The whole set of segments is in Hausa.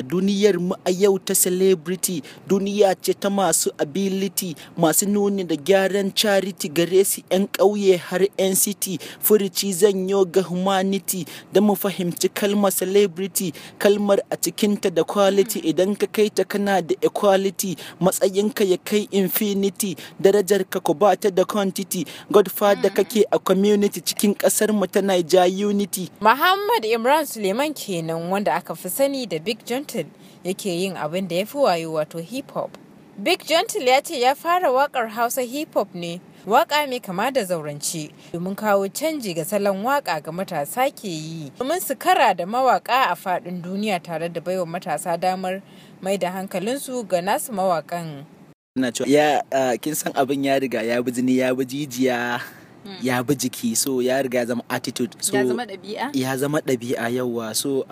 Duniyar mu a yau ta celebrity duniya ce ta masu ability, masu nuni da gyaran charity gare su 'yan ƙauye har 'yan city, furuci zanyo ga humanity da mu fahimci kalmar celebrity, kalmar a cikinta da quality idan ka kai ta kana da equality, matsayinka ya kai infinity, darajarka ku ba ta da quantity, godfather mm. kake a community cikin ƙasar mu ta Niger unity. Muhammad Imran Suleiman kenan wanda aka fi sani da Big John Gentle yake yin abin da ya fi wayo wato hip hop. Big Gentle ya ce ya fara waƙar Hausa hip hop ne waƙa mai kama da zaurance domin kawo canji ga salon waƙa ga matasa ke yi domin su kara da mawaƙa a faɗin duniya tare da baiwa matasa damar mai da hankalinsu ga nasu mawaƙan. Ina cewa ya san abin ya riga ya bi jini ya bi jijiya hmm. ya bi jiki so ya riga ya zama attitude so ya zama ɗabi'a ya so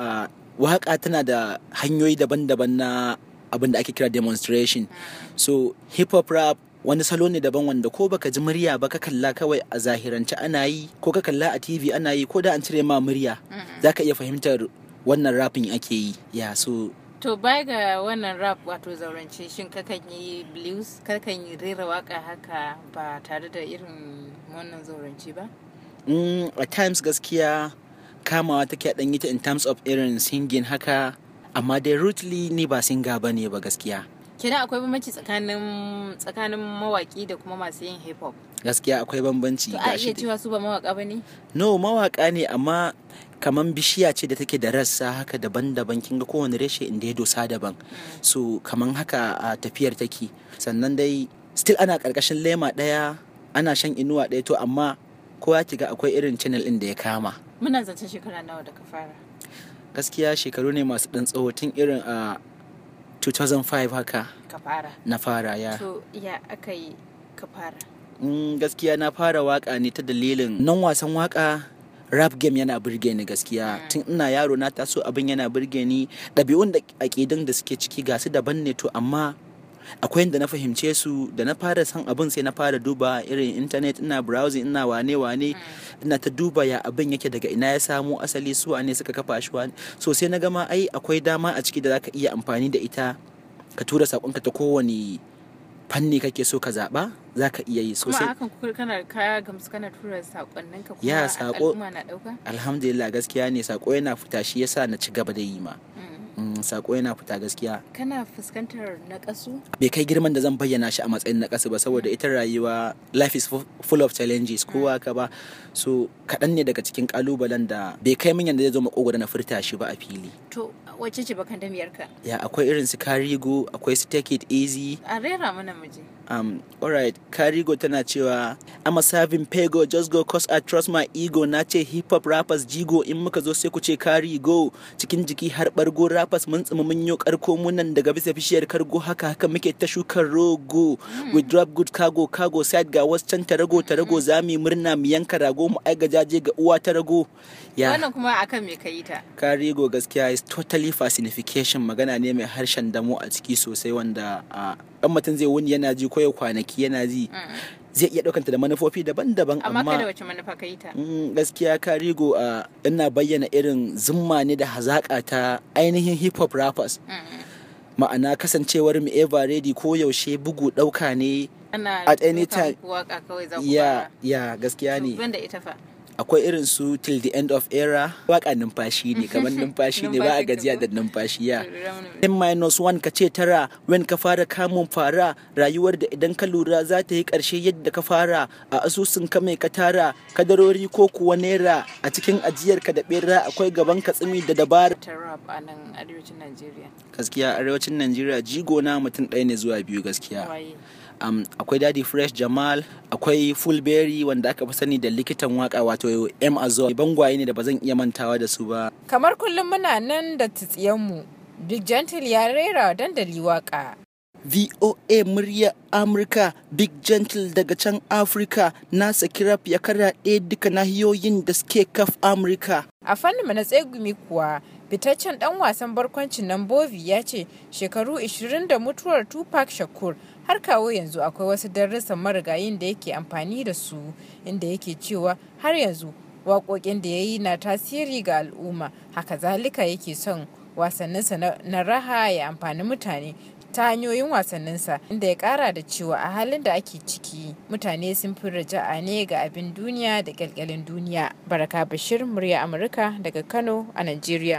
waƙa tana da hanyoyi daban-daban na abin da ake kira demonstration so hip hop rap wani salo ne daban wanda ko baka ji murya ba ka kalla kawai a zahirance ana yi ko ka kalla a tv ana yi ko da an cire ma murya za ka iya fahimtar wannan rapin ake yi ya so to baya ga wannan rap wato zaurance shin kakan yi blues kakan yi rera waka haka ba tare da irin wannan zaurance ba mm, a times gaskiya kamawa take a yi ta in terms of irin singing haka amma dai rootly ni ba singa ba ne ba gaskiya kina akwai bambanci tsakanin tsakanin mawaki da kuma masu yin hip hop gaskiya akwai bambanci to a iya cewa su ba mawaka ne no mawaka ne amma kamar bishiya ce da take da rassa haka daban-daban kin ga kowane reshe inda ya dosa daban mm. so kamar haka a tafiyar take sannan dai still ana karkashin lema daya ana shan inuwa daya to amma kowa ga akwai irin channel din da ya kama muna zancen shekara nawa da ka fara gaskiya shekaru ne masu ɗan tsawo tun irin a 2005 haka ka fara na fara ya so ya aka yi ka fara mm, gaskiya na fara waka ne ta dalilin nan wasan waka rap game yana burge ni gaskiya mm. tun ina yaro na taso abin yana burge ni ɗabi'un da aƙidan da suke ciki gasu daban ne to amma akwai yadda na fahimce su da na fara san abin sai na fara duba irin intanet ina browsing ina wane wane ina ta duba ya abin yake daga ina ya samo asali su ne suka kafa shi wani so sai na gama ai akwai dama a ciki da zaka iya amfani da ita ka tura sakonka ta kowane fanni kake so ka zaɓa za ka iya yi sosai kuma akan kana kaya gamsu kana tura sakonninka ya kuma al'umma na alhamdulillah gaskiya ne sako yana fita shi yasa na ci gaba da yi ma mm. Mm, sako yana fita gaskiya kana fuskantar nakasu bai kai girman da zan bayyana shi a matsayin nakasu ba saboda ita rayuwa life is full of challenges mm. kowa ka ba so kaɗan ne daga cikin kalubalen da bai kai min yadda zai zo makogoda na furta shi ba a fili To wacce ce bakan damiyarka? Ya akwai irin su Karigo, akwai su Take It Easy. A rera mana miji. Um, alright, Karigo tana cewa I'm a serving pego just go cause I trust my ego na ce hip hop rappers jigo in muka zo sai ku ce Karigo cikin jiki har bargo rappers mun tsima mun yo karko munan daga bisa bishiyar kargo haka haka muke ta shukar rogo hmm. we drop good cargo cargo side ga wasu can tarago tarago mm. zami murna mu yanka rago mu aiga jaje ga uwa tarago. Ya. Wannan kuma akan me ka yi ta? Karigo gaskiya is totally magana ne mai harshen damo a ciki sosai wanda dan mutum zai wuni yana ji ko kwanaki yana ji mm. zai iya ɗaukanta da manufofi daban-daban amma kada wace manufa ka yi ta mm, gaskiya ka rigo a ina bayyana irin zumma ne da hazaƙa ta ainihin hip hop rappers mm. ma'ana kasancewar mu ever ready ko yaushe bugu ɗauka ne at any time ya gaskiya ne akwai irin su till the end of era waka numfashi ne kamar numfashi ne ba a gajiya da numfashi ya n minus one ka ce tara when ka fara kamun fara rayuwar da idan ka lura za ta yi ƙarshe yadda ka fara a asusun ka mai ka tara kadarori ko kuwa naira a cikin ajiyar ka da bera akwai gaban ka tsimi da dabara gaskiya arewacin najeriya jigo na mutum ɗaya ne zuwa biyu gaskiya akwai daddy fresh jamal akwai fulberry wanda aka fi sani da likitan waka wato M Azo bangwaye ne da ba zan iya mantawa da su ba. Kamar kullum muna nan da mu Big Gentle ya rera dandali waka. VOA murya Amurka Big Gentle daga can Afirka nasa kirap ya karaɗe eh, duka nahiyoyin da suke kaf Amurka. A fannin na tsegumi kuwa Fitaccen dan wasan barkwancin nan Bovi ya ce shekaru 20 da mutuwar Tupac Shakur har kawo yanzu akwai wasu darussan marigayin da yake amfani da su inda yake cewa har yanzu waƙoƙin da ya yi na tasiri ga al'umma haka zalika yake son wasanninsa na raha ya amfani mutane ta hanyoyin wasanninsa inda ya kara da cewa a halin da ake ciki mutane sun fi raja'a ne ga abin duniya da kyalkyalin duniya baraka bashir murya amurka daga kano a nigeria